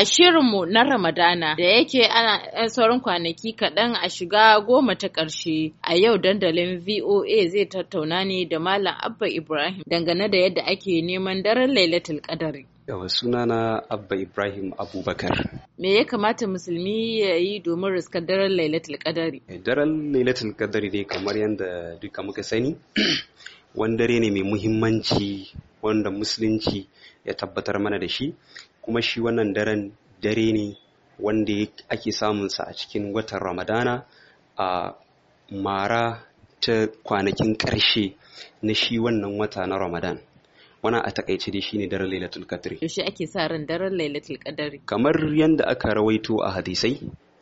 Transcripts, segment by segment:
a shirinmu na Ramadana da yake ana yan eh, sauran kwanaki kaɗan a shiga goma ta ƙarshe. A yau dandalin VOA zai tattauna ne da Malam Abba Ibrahim dangane da yadda ake neman daren Lailatul ƙadari Yawa sunana Abba Ibrahim Abubakar. Me ya kamata musulmi ya yi domin riskar daren Lailatul ƙadari eh, Daren Lailatul ƙadari dai kamar yadda duka muka sani, wani dare ne mai muhimmanci wanda musulunci ya tabbatar mana da shi kuma shi wannan daren dare ne wanda ake sa a cikin watan ramadana a mara ta kwanakin ƙarshe na shi wannan wata na ramadan wana a takaice dai shine daren lailatul qadri yaushe ake sa ran daren lailatul qadri kamar yadda aka rawaito a hadisai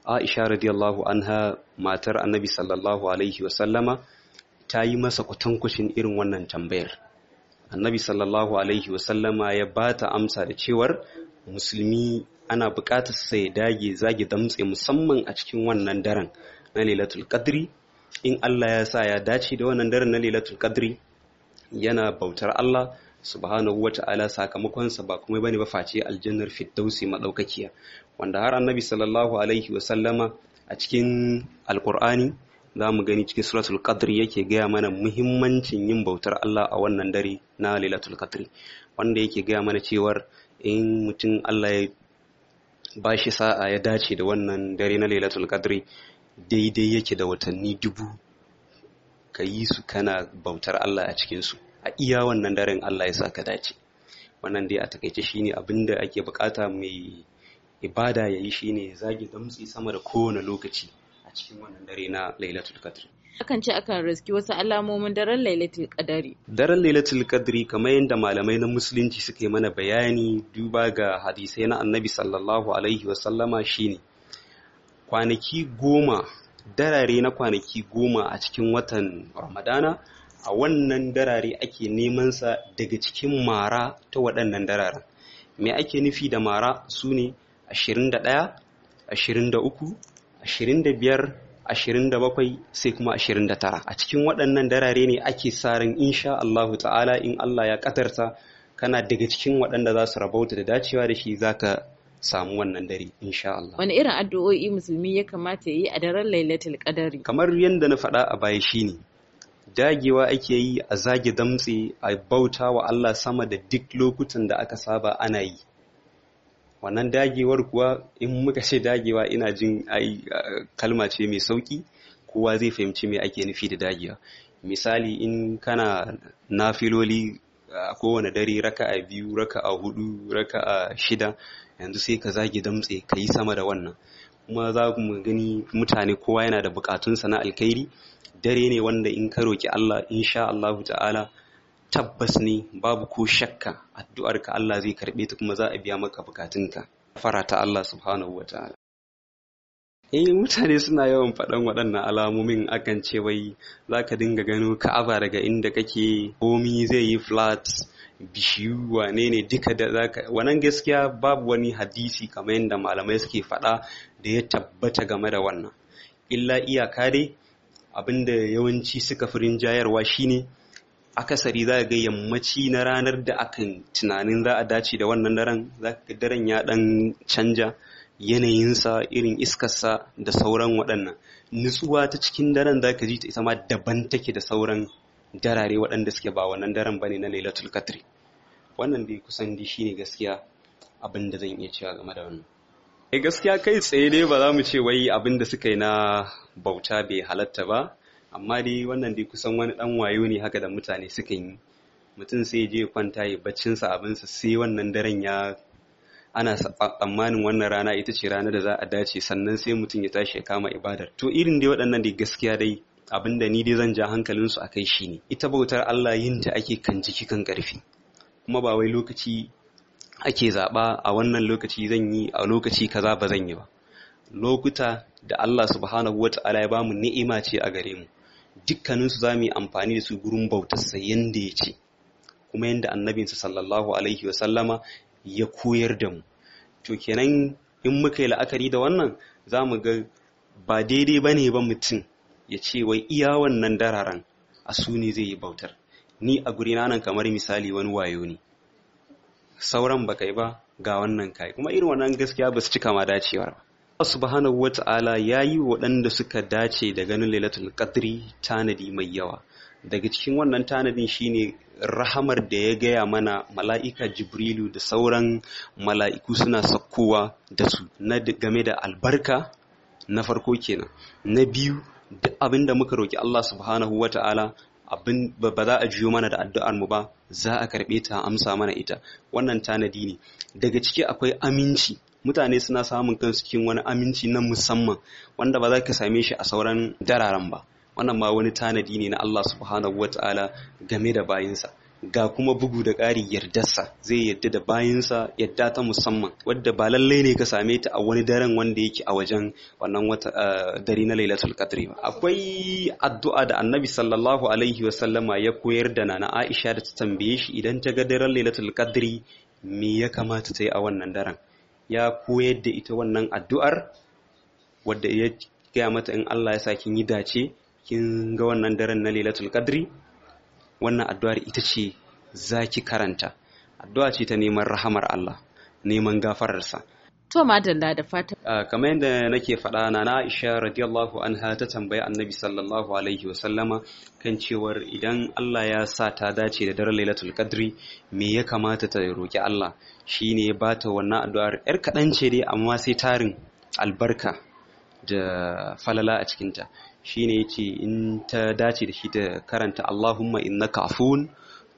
aisha radiyallahu anha matar annabi sallallahu alaihi wa sallama ta yi masa kutankushin irin wannan tambayar annabi sallallahu alaihi wa sallama ya bata amsa da cewar musulmi ana buƙatar sai dage zage damtse musamman a cikin wannan daren na lailatul qadri in Allah ya sa ya dace da wannan daren na lailatul qadri yana bautar Allah subhanahu wata'ala sakamakonsa ba kuma bane ba face aljannar firdausi madaukakiya wanda har annabi sallallahu alaihi wa sallama a cikin alqur'ani zamu gani cikin suratul qadri yake gaya mana muhimmancin yin bautar Allah a wannan dare na lailatul qadri wanda yake gaya mana cewar in mutum Allah ya ba shi sa'a ya dace da wannan dare na lailatul qadri daidai yake da watanni dubu ka yi su kana bautar Allah a cikinsu a iya wannan daren Allah ya sa ka dace wannan dai a takaice shine abin da ake bukata mai ibada ya yi shine zagi damtsi sama da kowane lokaci a cikin wannan dare na lailatul qadr akan ce akan riski wasu alamomin daren lailatul Kadari. daren lailatul Kadari kamar yadda malamai na musulunci suke mana bayani duba ga hadisai na annabi sallallahu alaihi wa sallama shine kwanaki goma darare na kwanaki goma a cikin watan ramadana a wannan darare ake neman sa daga cikin mara ta waɗannan dararen me ake nufi da mara su ne 21 23 biyar. 27 sai kuma 29 a cikin waɗannan darare ne ake sarin insha Allahu ta'ala in Allah ya katarta kana daga cikin waɗanda za su rabauta da dacewa da shi za ka samu wannan dare insha Allah wani irin addu'o'i musulmi ya kamata yi a daren lailatul qadari kamar yadda na faɗa a baya ne, dagewa ake yi a zage damtse a bauta wa Allah sama da duk lokutan da aka saba ana yi wannan dagewar kuwa in muka ce dagewa ina jin ai kalma ce mai sauki kowa zai fahimci me ake nufi da dagewa misali in kana nafiloli a kowane dare raka a biyu raka a hudu raka a shida yanzu sai ka zage damtse ka yi sama da wannan kuma za mu gani mutane kowa yana da bukatunsa na alkhairi dare ne wanda in ka roki Allah insha Allahu ta'ala tabbas ne babu ko shakka addu'arka Allah zai karɓe ta kuma za a biya maka bukatunka fara ta Allah subhanahu wa ta'ala eh mutane suna yawan faɗan waɗannan alamomin akan ce wai za ka dinga gano ka'aba daga inda kake komi zai yi flat bishiyu wane ne duka da zaka wannan gaskiya babu wani hadisi kamar yadda malamai suke faɗa da ya tabbata game da wannan illa iyaka dai abinda yawanci suka fi rinjayarwa shine akasari za ga yammaci na ranar da akan tunanin za a dace da wannan daren za ka daren ya dan canja yanayinsa irin iskarsa da sauran waɗannan nutsuwa ta cikin daren za ka ji ta ita ma daban take da sauran darare waɗanda suke ba wannan daren bane na lailatul katri wannan dai kusan dai shine gaskiya abin da zan iya cewa game da wannan eh gaskiya kai tsaye dai ba za mu ce wai abin da suka yi na bauta bai halatta ba amma dai wannan dai kusan wani dan wayo ne haka da mutane suka yi mutum sai je kwanta ya barcinsa abinsa sai wannan daren ya ana tsammanin wannan rana ita ce rana da za a dace sannan sai mutum ya tashi ya kama ibadar to irin dai waɗannan dai gaskiya dai abin da ni dai zan ja hankalin su akai shi ne ita bautar Allah yin ta ake kan jiki kan ƙarfi kuma ba wai lokaci ake zaɓa a wannan lokaci zan yi a lokaci kaza ba zan yi ba lokuta da Allah subhanahu wata'ala ya bamu ni'ima ce a gare mu dukkaninsu za mu yi amfani da su gurin bautarsa yadda ya ce kuma yadda annabinsa sallallahu alaihi wasallama ya koyar da mu to kenan in muka yi la'akari da wannan za mu ga ba daidai ba ne ba mutum ya ce wai iya wannan dararen a su ne zai yi bautar ni a guri na nan kamar misali wani wayo ne sauran ba kai ba ga wannan kai kuma irin wannan gaskiya ba su cika ma dacewar ba subhanahu wata'ala ya yi waɗanda suka dace da ganin lailatul qadri tanadi mai yawa daga cikin wannan tanadin shine rahamar da ya gaya mana mala'ika jibrilu da sauran mala'iku suna sakkowa da su na game da albarka na farko kenan na biyu duk abin muka roki Allah subhanahu wata'ala abin ba za a juyo mana da addu'ar mu ba za a karɓe ta amsa mana ita wannan tanadi ne daga ciki akwai aminci mutane suna samun kansu cikin wani aminci na musamman wanda ba za ka same shi a sauran dararen ba wannan ma wani tanadi ne na Allah subhanahu wataala game da bayinsa ga kuma bugu da ƙari yardarsa zai yarda da bayansa yarda ta musamman wadda ba lallai ne ka same ta a wani daren wanda yake a wajen wannan wata eh, dare na lailatul qadri ba akwai addu'a da annabi sallallahu alaihi wa sallama ya koyar da nana aisha da ta tambaye shi idan ta ga daren lailatul qadri me ya kamata ta yi a wannan daren ya koyar da ita wannan addu'ar wadda ya gaya mata in Allah ya sa kin yi dace kin ga wannan daren na lailatul qadri wannan addu'ar ita ce za ki karanta addu'a ce ta neman rahamar Allah neman gafararsa To madalla da fata. Ah, kamar yadda nake faɗa na na Aisha radiyallahu anha ta tambayi Annabi sallallahu alaihi wa sallama kan cewar idan Allah ya sa ta dace da daren Lailatul Qadri me ya kamata ta roki Allah shine ba ta wannan addu'ar yar kaɗan ce dai amma sai tarin albarka da falala a cikinta shine yace in ta dace da shi ta karanta Allahumma innaka afuwun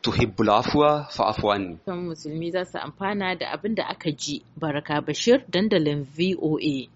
tuhibbul afwa fa'fu anni musulmi za su amfana da abin da aka ji baraka bashir dandalin voa